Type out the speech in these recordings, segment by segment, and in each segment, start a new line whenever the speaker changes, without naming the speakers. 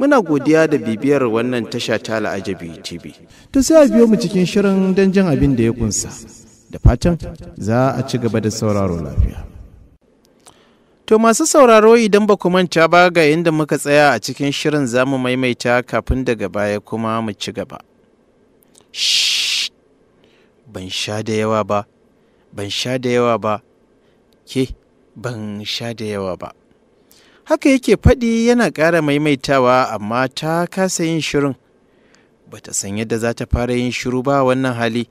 muna godiya da bibiyar wannan tasha ta la'ajabi tv to sai a biyo mu cikin shirin don jin abin da ya kunsa da fatan za a ci gaba da sauraro lafiya To masu sauraro idan ba ku manta ba ga inda muka tsaya a cikin shirin za mu maimaita kafin daga baya kuma mu ci gaba. ban sha da yawa ba, ban sha da yawa ba, ke ban sha da yawa ba. haka yake faɗi yana ƙara maimaitawa amma ta kasa yin shirin ta san yadda za ta fara yin shiru ba wannan hali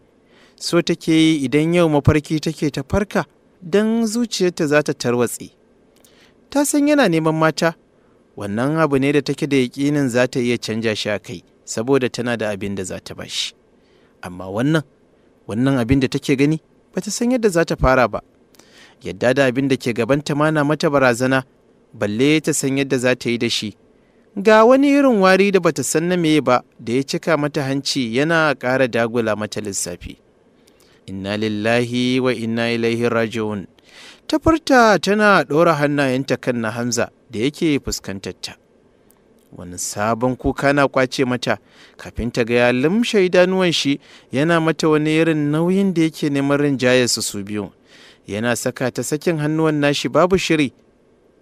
so take yi idan yau mafarki take ta farka don zuciyarta za ta tarwatse ta san yana neman mata wannan abu ne da take da yaƙinin za ta iya canja shi a kai saboda tana da abin da za ta bashi amma wannan wannan abin da take gani ba ta san yadda za ta fara ba yadda da abin da ke gabanta mana mata barazana balle ta san yadda za ta yi da shi ga wani irin wari da bata san na meye ba da ya cika mata hanci yana ƙara dagula mata lissafi inna lillahi wa inna ilaihi raji'un ta furta tana ɗora hannayenta kan na hamza da yake fuskantarta wani sabon kuka na kwace mata kafin ta ga ya idanuwan shi yana mata wani irin nauyin da yake neman su su biyu yana saka ta sakin hannuwan nashi babu shiri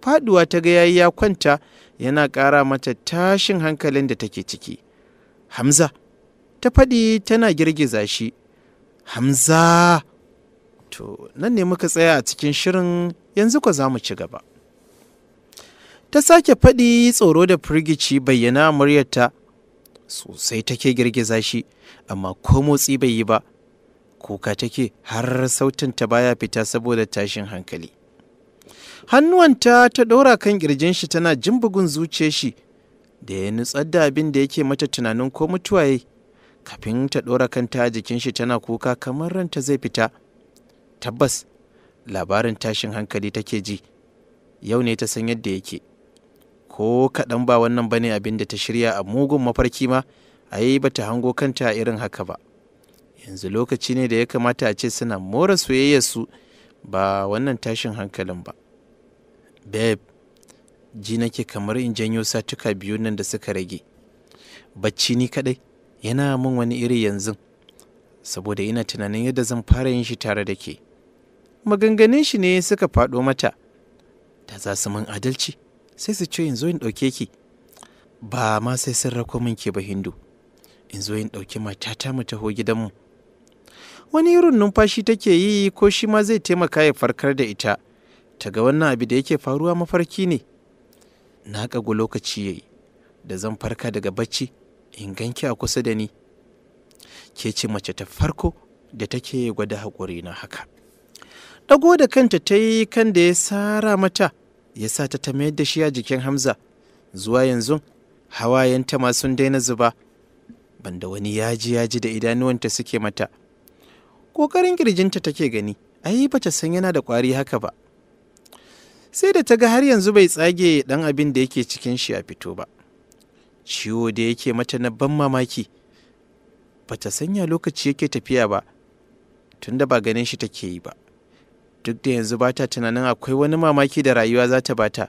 faduwa ta ga yayi ya kwanta yana ƙara mata tashin hankalin da take ciki hamza ta faɗi tana girgiza shi hamza to nan ne muka tsaya a cikin shirin yanzu kwa za mu ci gaba ta sake faɗi tsoro da firgici bayyana muryarta sosai take girgiza shi amma ko motsi bai yi ba kuka take har ta baya fita saboda tashin hankali hannuwanta ta ɗora kan ƙirjin shi tana jin bugun zuce shi da ya nutsar da abin da yake mata tunanin ko mutuwa kafin ta ɗora kanta jikin shi tana kuka kamar ranta zai fita tabbas labarin tashin hankali take ji yau ne ta san yadda yake ko kaɗan ba wannan bane abin da ta shirya a mugun mafarki ma a yi bata hango kanta irin haka ba yanzu lokaci ne da ya kamata a ce suna more soyayyarsu ba wannan tashin hankalin ba babe ji nake kamar in janyo satuka biyu nan da suka rage bacci ni kadai yana min wani iri yanzu saboda ina tunanin yadda zan fara yin shi tare da ke maganganun shi ne suka faɗo mata Ta za su min adalci sai su ce in zo in ɗauke ki ba ma sai sun rako min ke ba hindu in zo in ɗauki matata mu taho gidanmu wani irin numfashi take yi ko shi ma zai taimaka ya farkar da ita Taga wannan abu da yake faruwa mafarki ne na ƙagu lokaci yayi da zan farka daga bacci in ganki a kusa da ni ke ce mace ta farko da take gwada haƙuri na haka ɗago da kanta ta yi kan da ya sara mata ya sa ta ta mayar da shi a jikin hamza zuwa yanzu hawayenta ma sun daina zuba banda wani yaji yaji da idanuwanta suke mata ƙoƙarin kirjinta take gani ai bata san yana da ƙwari haka ba sai da ta ga har yanzu bai tsage ɗan abin da yake cikin shi a fito ba ciwo da yake mata na ban mamaki ba ta sanya lokaci yake tafiya ba tunda ba ganin shi take yi ba duk da yanzu ba ta tunanin akwai wani mamaki da rayuwa za ta bata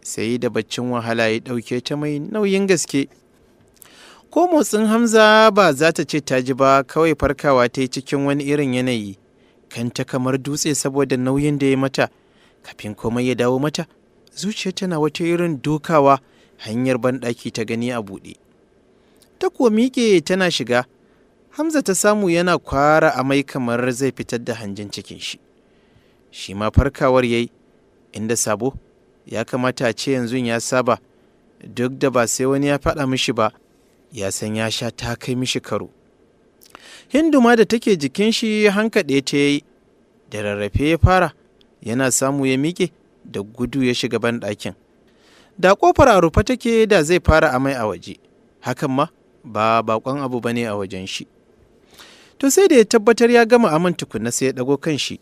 sai da baccin wahala ya ɗauke ta mai nauyin gaske ko motsin hamza ba za ta ce ta ji ba kawai farkawa ta yi cikin wani irin yanayi kanta kamar dutse saboda nauyin da ya mata kafin komai ya dawo mata zuciya tana wata irin dukawa hanyar banɗaki ta gani a buɗe ta kuwa miƙe tana shiga hamza ta samu yana kwara amai kamar zai fitar da hanjin cikin shi shi ma farkawar yayi inda sabo ya kamata a ce yanzu ya saba duk da ba sai wani ya faɗa mishi ba ya san ya sha ta kai mishi karo hindu ma da take jikin shi hankaɗe ta yi da rarrafe ya fara yana samu ya miƙe da gudu ya shiga banɗakin. Da ƙofar a rufe take da zai fara amai a waje, hakan ma ba baƙon abu ba ne a wajen shi. To sai da ya tabbatar ya gama aman tukunna sai ya ɗago kan shi.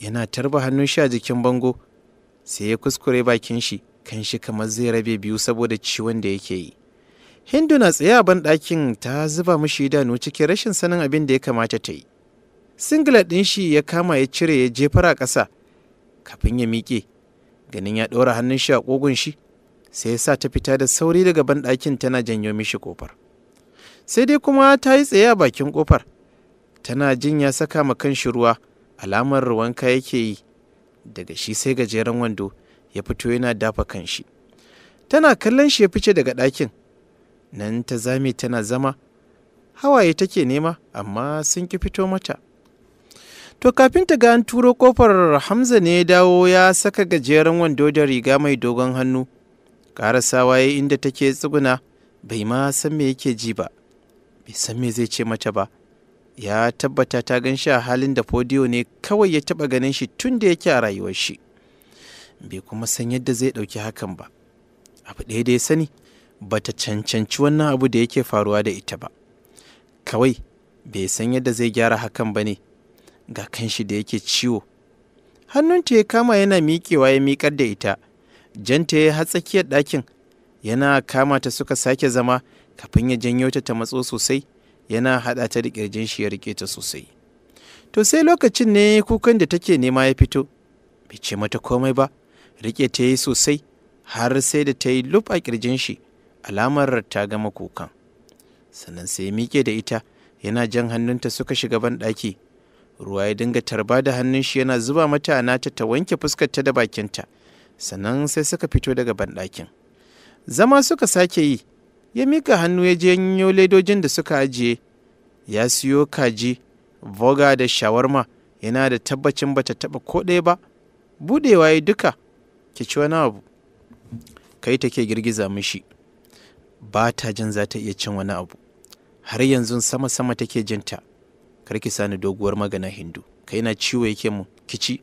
Yana tarba hannun shi a jikin bango sai ya kuskure bakin shi kan shi kamar zai rabe biyu saboda ciwon da yake yi. Hindu na tsaye a ɗakin ta zuba mishi idanu cikin rashin sanin abin da ya kamata ta yi. Singlet ɗin shi ya kama ya cire ya jefar a ƙasa kafin ya miƙe ganin ya ɗora hannun shi a ƙugun shi sai ya sa ta fita da sauri daga banɗakin tana janyo mishi ƙofar sai dai kuma ta yi tsaye a bakin ƙofar tana jin ya saka ma shi ruwa alamar ruwanka yake yi daga shi sai gajeren wando ya fito yana dafa kanshi tana kallon shi ya fice daga ɗakin nan ta zame tana zama hawaye take nema amma sun ki fito mata To kafin ta ga an turo kofar Hamza ne ya dawo ya saka gajeren wando da riga mai dogon hannu. Karasawa ya inda take tsuguna bai ma san me yake ji ba, bai san me zai ce mata ba. Ya tabbata ta gan shi a halin da fodiyo ne kawai ya taba ganin shi tun da yake a rayuwar shi. Bai kuma san yadda zai ɗauki hakan ba. Abu ɗaya da ya sani bata cancanci wannan abu da yake faruwa da ita ba. Kawai bai san yadda zai gyara hakan ba ne. ga kanshi da yake ciwo hannunta ya kama yana miƙewa ya miƙar da ita janta ya har tsakiyar ɗakin yana kama ta suka sake zama kafin ya janyo ta ta matso sosai yana haɗa ta da ƙirjin shi ya riƙe ta sosai to sai lokacin ne kukan da take nema ya fito bai ce mata komai ba riƙe ta yi sosai har sai da ta yi lup a ƙirjin shi alamar ta gama kukan sannan sai ya miƙe da ita yana jan hannunta suka shiga ban ɗaki ruwa ya dinga tarba da hannun shi yana zuba mata a nata ta wanke fuskarta da bakinta sannan sai suka fito daga banɗakin zama suka sake yi ya mika hannu ya je yanyo ledojin da suka ajiye ya siyo kaji voga da shawarma yana da tabbacin bata taba ko ɗaya ba budewa ya duka ki ci wani abu kai take girgiza mishi ba ta jin za ta iya cin wani abu har yanzu sama-sama take jinta kar ki sani doguwar magana hindu kai na ciwo yake mu kici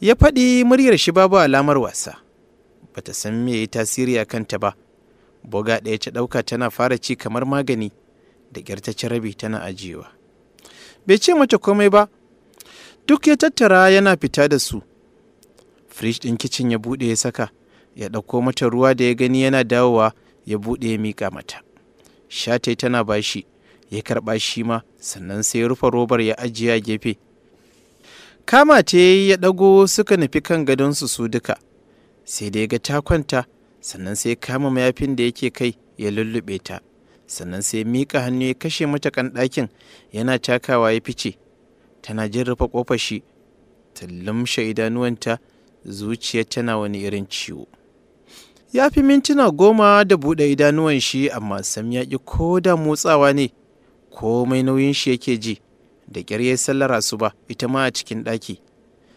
ya faɗi muryar shi babu alamar wasa bata san me yayi tasiri a kanta ba boga ɗaya ta ɗauka tana fara ci kamar magani da ƙyar ta ci rabi tana ajiyewa bai ce mata komai ba duk ya tattara yana fita da su fridge ɗin kicin ya buɗe ya saka ya ɗauko mata ruwa da ya gani yana dawowa ya buɗe ya miƙa mata shatai tana bashi ya karɓa shi ma sannan sai ya rufe robar ya ajiye a gefe kama ta ya ɗago suka nufi kan gadonsu su duka sai da ya ga ta kwanta sannan sai kama mayafin da yake kai ya lullube ta sannan sai miƙa hannu ya kashe mata kan ɗakin yana takawa ya fice tana jin rufe ƙofar shi ta lumshe idanuwanta zuciya tana wani irin ciwo ya fi mintuna goma da buɗe idanuwan shi amma sam ya ƙi ko da motsawa ne komai nauyin shi yake ji da ƙyar ya sallar ba ita ma a cikin ɗaki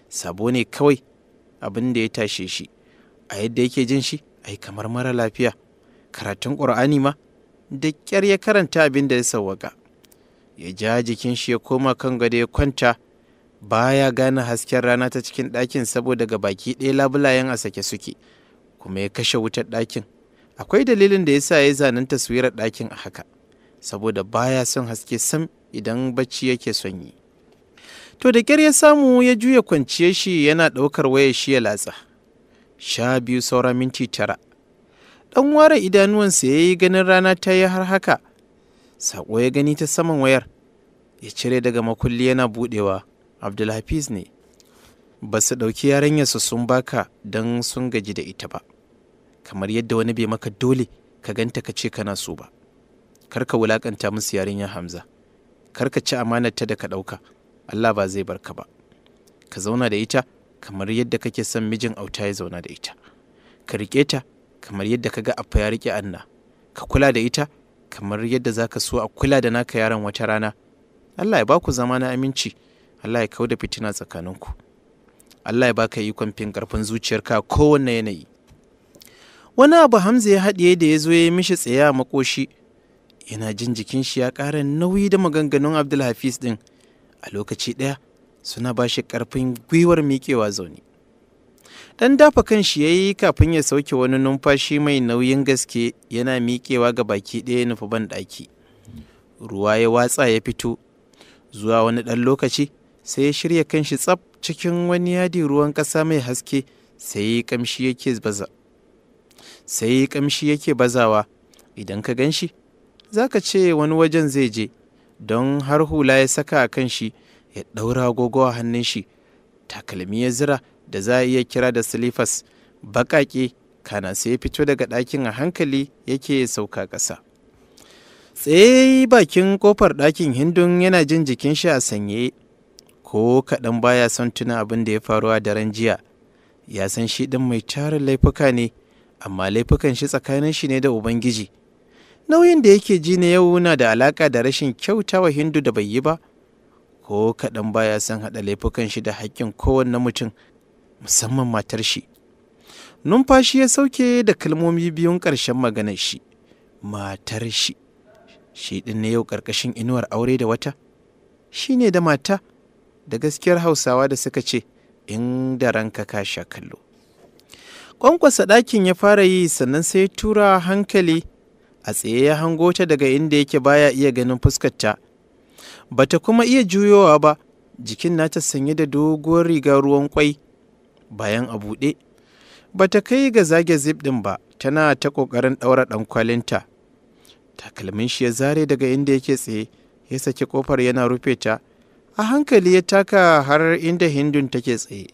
sabo ne kawai abin da ya tashe shi a yadda yake jin shi ai kamar mara lafiya karatun ƙur'ani ma da ƙyar ya karanta abin da ya sawwaka ya ja jikin shi ya koma kan gado ya kwanta baya gane hasken rana ta cikin ɗakin saboda ga baki ɗaya labulayen a sake suke kuma ya kashe wutar ɗakin akwai dalilin da ya sa ya zanen taswirar ɗakin a haka saboda baya son haske sam idan bacci yake son yi to da ƙyar ya samu ya juya kwanciyar shi yana ɗaukar wayar shi ya latsa sha biyu saura minti tara ɗan ware idanuwansa ya yi ganin rana ta yi har haka saƙo ya gani ta saman wayar ya cire daga makulli yana buɗewa abdulhafiz ne ba su ɗauki yarinyarsa sun baka don sun gaji da ita ba kamar yadda wani bai maka dole ka ganta ka ce kana so ba kar ka wulakanta musu yarinya hamza kar ka ci amanar ta da ka ɗauka allah ba zai bar ka ba ka zauna da ita kamar yadda kake son mijin auta ya zauna da ita ka riƙe ta kamar yadda ka ga affa ya riƙe anna ka kula da ita kamar yadda za ka so a kula da naka yaron wata rana allah ya ba ku zama na aminci allah ya kauda da fitina tsakaninku allah ya baka ikon fin ƙarfin zuciyarka kowanne yanayi wani abu hamza ya haɗiye da ya zo ya yi mishi tsaye a makoshi yana jin jikin shi ya ƙara nauyi da maganganun abdulhafiz ɗin a lokaci ɗaya suna ba shi ƙarfin gwiwar miƙewa zaune ɗan dafa kan shi ya yi kafin ya sauke wani numfashi mai nauyin gaske yana miƙewa ga baki ɗaya nufa ban ɗaki ruwa ya watsa ya fito zuwa wani ɗan lokaci sai ya shirya kan shi tsaf cikin wani yadi ruwan ƙasa mai haske sai kamshi yake baza sai kamshi yake bazawa idan ka gan shi za ka ce wani wajen zai je don har hula ya saka a kan shi ya ɗaura agogo a hannun shi takalmi ya zira da za a iya kira da silifas baƙaƙe kana sai ya fito daga ɗakin a hankali yake sauka ƙasa tsaye bakin kofar ɗakin hindun yana jin jikin shi a sanye ko kaɗan baya son tuna abin da ya faru a daren jiya ya san shi ɗin mai tarin laifuka ne amma laifukan shi tsakanin shi ne da ubangiji nauyin da yake ji na yau na da alaƙa da rashin kyauta wa hindu da bai yi ba ko kaɗan baya san haɗa laifukan shi da haƙƙin kowanne mutum musamman matar shi numfashi ya sauke da kalmomi biyun ƙarshen maganar shi matar shi shi ɗin na yau ƙarƙashin inuwar aure da wata shi ne da mata da gaskiyar hausawa da suka ce in da ranka ka sha kallo ƙwanƙwasa ɗakin ya fara yi sannan sai tura hankali a tsaye ya hango ta daga inda yake baya iya ganin fuskarta bata kuma iya juyowa ba jikin nata sanye da doguwar riga ruwan kwai bayan a buɗe bata kai ga zage zip ɗin ba tana ta ƙoƙarin ɗaura ɗankwalinta takalmin shi ya zare daga inda yake tsaye ya saki kofar yana rufe ta a hankali ya taka har inda hindun take tsaye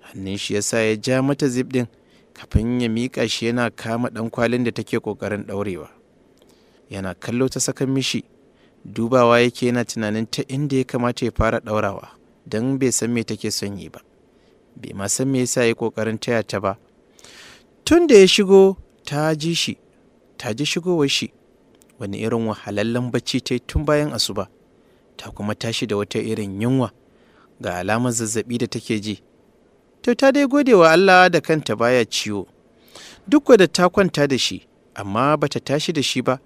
hannun shi ya sa ya ja mata zip ɗin kafin ya miƙa shi yana kama ɗan kwalin da take ƙoƙarin ɗaurewa yana kallo ta sakan mishi dubawa yake yana tunanin ta inda ya kamata ya fara ɗaurawa don bai san me take son yi ba bai ma san me yasa ya ƙoƙarin taya ta ba tun da ya shigo ta ji shi ta ji shigowar shi wani irin wahalallen bacci ta yi tun bayan asuba ta kuma tashi da wata irin yunwa ga alamar zazzabi da take ji to ta dai gode wa Allah da kanta baya ciwo. Duk da ta kwanta da shi, amma bata tashi da shi ba,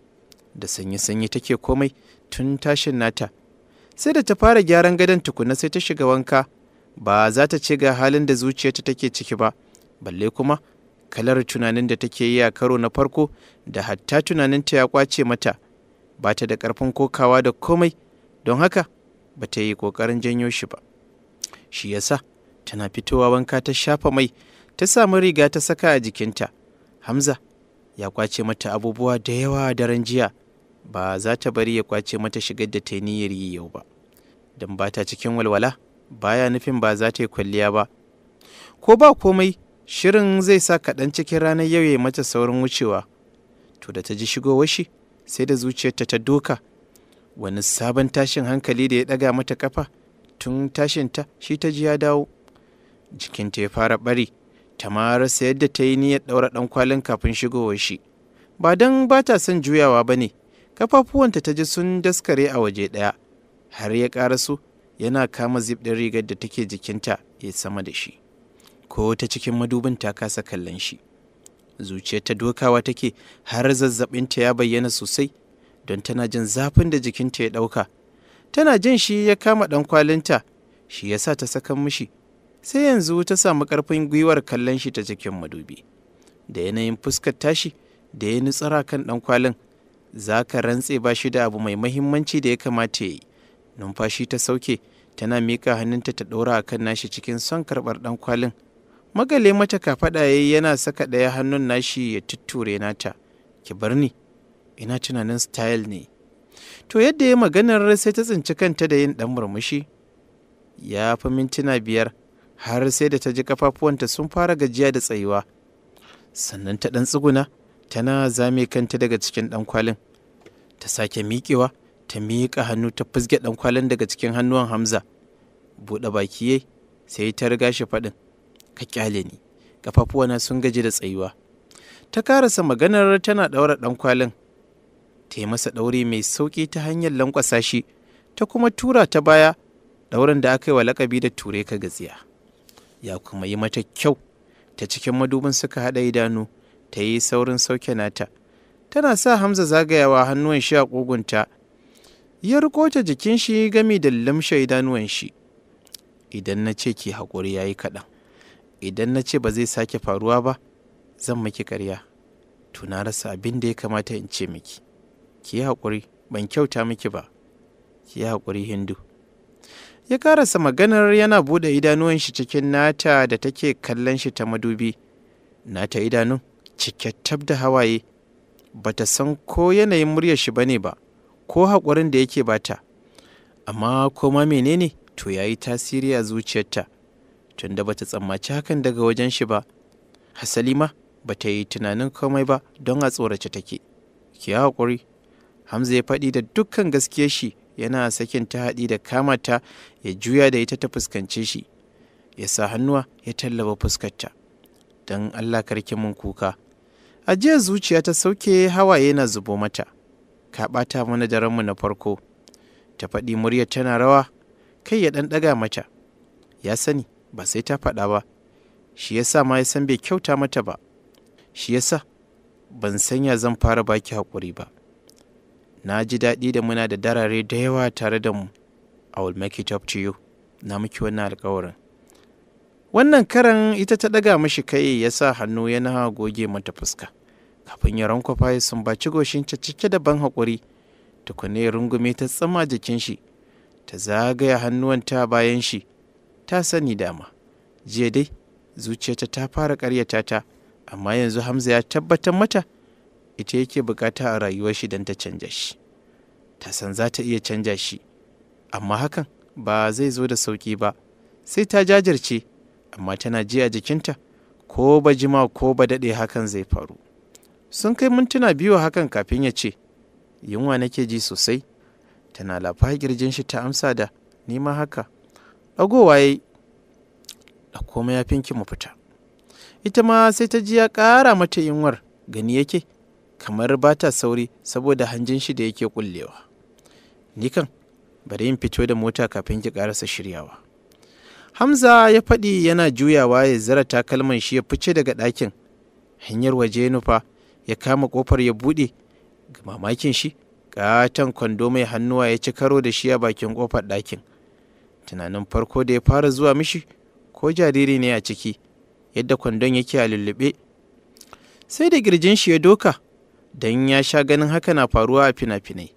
da sanyi-sanyi take komai tun tashin nata. Sai da ta fara gyaran gadon tukuna sai ta shiga wanka, ba za ta ce ga halin da zuciyarta take ciki ba, balle kuma kalar tunanin da take yi a karo na farko da hatta tunaninta ya kwace mata, ba ta da ƙarfin kokawa da komai, don haka ba ta yi ƙoƙarin janyo shi ba. Shi yasa. tana fitowa wanka ta shafa mai ta samu riga ta saka a jikinta hamza ya kwace mata abubuwa da yawa daren jiya ba za ta bari ya kwace mata shigar da ta niyyar yi yau ba don ba ta cikin walwala baya nufin ba za ta yi kwalliya ba ko ba komai shirin zai sa kaɗan cikin ranar yau ya mata saurin wucewa to da ta ji shigowar shi sai da zuciyarta ta doka wani sabon tashin hankali da ya ɗaga mata kafa tun tashinta shi ta ji ya dawo jikinta ya fara bari ta ma yadda ta yi niyyar ɗaura ɗan kwalin kafin shigowar shi ba don ba ta son juyawa ba ne kafafuwanta ta ji sun daskare a waje ɗaya har ya ƙara su yana kama zip ɗin rigar da take jikinta ya sama da shi ko ta cikin madubin ta kasa kallon shi zuciyar ta dokawa take har ta ya bayyana sosai don tana jin zafin da jikinta ya ɗauka tana jin shi ya kama ɗan kwalinta shi ya sa ta saka mishi sai yanzu ta samu karfin gwiwar kallon shi ta cikin madubi da yanayin fuskar tashi da ya nutsara kan ɗan kwalin za ka rantse ba shi da abu mai mahimmanci da ya kamata ya yi numfashi ta sauke tana mika hannunta ta ɗora a kan nashi cikin son karɓar ɗan kwalin magale mata kafaɗa ya yana saka ɗaya hannun nashi ya tutture nata ki bar ni ina tunanin style ne to yadda ya maganar sai ta tsinci kanta da yin ɗan murmushi ya fi mintuna biyar har sai da ta ji kafafuwanta sun fara gajiya da tsayuwa sannan ta ɗan tsuguna tana zame kanta daga cikin ɗan kwalin ta sake miƙewa ta miƙa hannu ta fizge ɗan kwalin daga cikin hannuwan hamza buɗe baki yai sai ta riga shi faɗin ka kyale ni kafafuwana sun gaji da tsayuwa ta karasa maganar tana ɗaura ɗan kwalin ta yi masa ɗauri mai sauƙi ta hanyar lankwasa shi ta kuma tura ta baya ɗaurin da aka yi wa lakabi da ture ka gaziya. ya kuma yi mata kyau ta cikin madubin suka haɗa idanu ta yi saurin sauke nata tana sa hamza zagayawa hannuwan shi a ƙugunta ya riko ta jikin shi gami da lamshe idanuwan shi idan na ce ki haƙuri ya yi kaɗan idan na ce ba zai sake faruwa ba zan miki karya to na rasa abin da ya kamata in ce miki ki yi haƙuri ban kyauta miki ba ki yi haƙuri hindu ya karasa maganar yana buɗe idanuwan shi cikin nata da take kallon shi ta madubi nata idanu cike tab da hawaye bata san ko yanayin muryar shi bane ba ko haƙurin da yake bata amma koma menene to yayi tasiri a zuciyarta tunda bata tsammaci hakan daga wajen shi ba hasali ma bata yi tunanin komai ba don a tsorace take ki haƙuri hamza ya faɗi da dukkan gaskiyar shi yana sakin ta haɗi da kamata ya juya da ita ta fuskance shi ya sa hannuwa ya tallaba fuskarta don allah karki mun kuka jiya, zuciya ta sauke hawaye na zubo mata ka ɓata mana da ranmu na farko ta faɗi muryar tana rawa kai ya ɗan ɗaga mata ya sani ba sai ta faɗa ba shi ya sa ma ya san bai kyauta mata ba shi ya sa ban sanya zan fara baki haƙuri ba na ji daɗi da muna da darare da yawa tare da mu i will make it up to you na miki wannan alkawarin wannan karan ita ta ɗaga mashi kai ya sa hannu yana goge mata fuska kafin ya rankwafa ya baci goshinta cike da ban haƙuri tukune rungume ta tsama jikin shi ta zagaya hannuwanta bayan shi ta sani dama jiya dai zuciyarta ta fara ƙaryata ta amma yanzu hamza ya tabbatar mata ita yake bukata a rayuwar shi don ta canja shi ta san za ta iya canja shi amma hakan ba zai zo da sauki ba sai ta jajirce amma tana ji a jikinta ko ba jima ko ba daɗe hakan zai faru sun kai mintuna biyu hakan kafin ya ce yunwa nake ji sosai tana lafa kirjin shi ta amsa da nima haka waye, ya yi ya mu fita ita ma sai ta ji ya ƙara mata yunwar gani yake kamar ba ta sauri saboda hanjin shi da yake kullewa ni kan bari yin fito da mota kafin ki karasa shiryawa hamza ya faɗi yana juyawa ya zara takalman shi ya fice daga ɗakin hanyar waje nufa ya kama ƙofar ya buɗe ga mamakin shi katon kwando mai hannuwa ya ci karo da shi a bakin ƙofar ɗakin tunanin farko da ya fara zuwa mishi ko jariri ne a ciki yadda kwandon yake a lullube sai da girjin shi ya doka don ya sha ganin haka na faruwa a fina-finai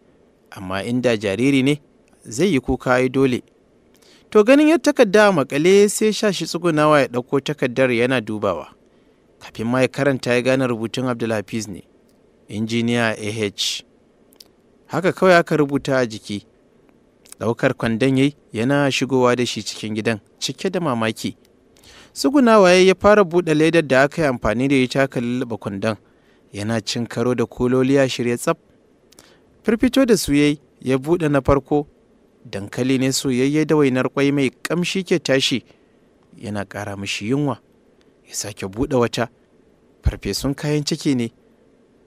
amma inda jariri ne zai yi kuka ai dole to ganin ya takarda a makale sai sha shi tsugunawa ya ɗauko takardar yana dubawa kafin ma ya karanta ya gane rubutun abdulhafiz ne injiniya ah haka kawai aka rubuta a jiki ɗaukar kwandon yayi yana shigowa da shi cikin gidan cike da mamaki tsugunawa ya fara buɗe ledar da aka yi amfani da ita aka lullaba kwandon yana cin karo da kololi ya shirya tsaf firfito da su ya buɗe na farko dankali ne soyayye da wainar kwai mai ƙamshi ke tashi yana ƙara mishi yunwa ya sake buɗe wata farfesun kayan ciki ne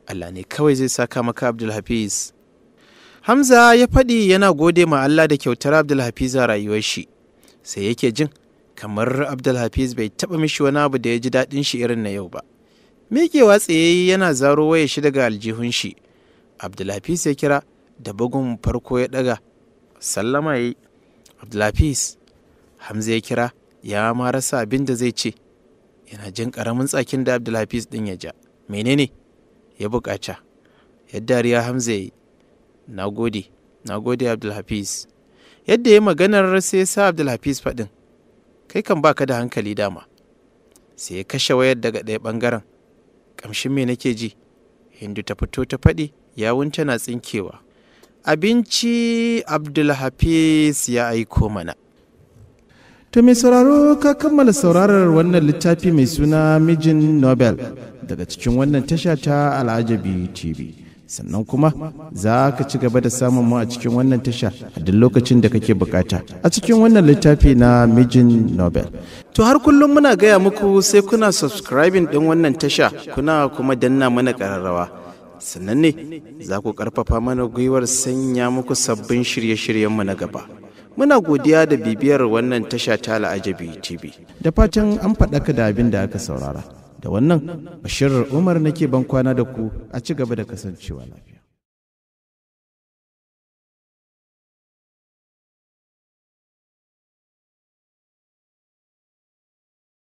Allah ne kawai zai saka maka Abdulhafiz. Hamza ya faɗi yana gode ma Allah da kyautar Abdulhafiz a rayuwar shi, sai yake jin kamar Abdulhafiz bai taɓa mishi wani abu da ya ji daɗin shi irin na yau ba. miƙewa tsaye yana zaro waya shi daga aljihun shi abdulhafiz ya kira da bugun farko ya daga sallama ya yi abdulhafiz hamza ya kira ya ma rasa abin da zai ce yana jin karamin tsakin da abdulhafiz ɗin ya ja menene ya bukaca yadda ya hamza ya yi na gode na gode abdulhafiz yadda ya maganar sai ya sa abdulhafiz faɗin kai kan baka da hankali dama sai ya kashe wayar daga ɗaya ɓangaren ƙamshin me nake ji hindu ta fito ta faɗi yawun tana tsinkewa abinci abdulhafiz ya aiko mana to mai sauraro ka kammala saurarar wannan littafi mai suna mijin nobel daga cikin wannan tasha ta al'ajabi tv sannan kuma za ka ci gaba da samun mu a cikin wannan tasha a duk lokacin da kake bukata a cikin wannan littafi na mijin nobel to har kullum muna gaya muku sai kuna subscribing din wannan tasha kuna kuma danna mana kararrawa sannan ne za ku karfafa mana gwiwar sanya muku sabbin shirye shiryen mu na gaba muna godiya da bibiyar wannan tasha ta la'ajabi tv da fatan an faɗaka da abin da aka saurara da wannan bashirar umar nake ban kwana da ku a ci gaba da kasancewa lafiya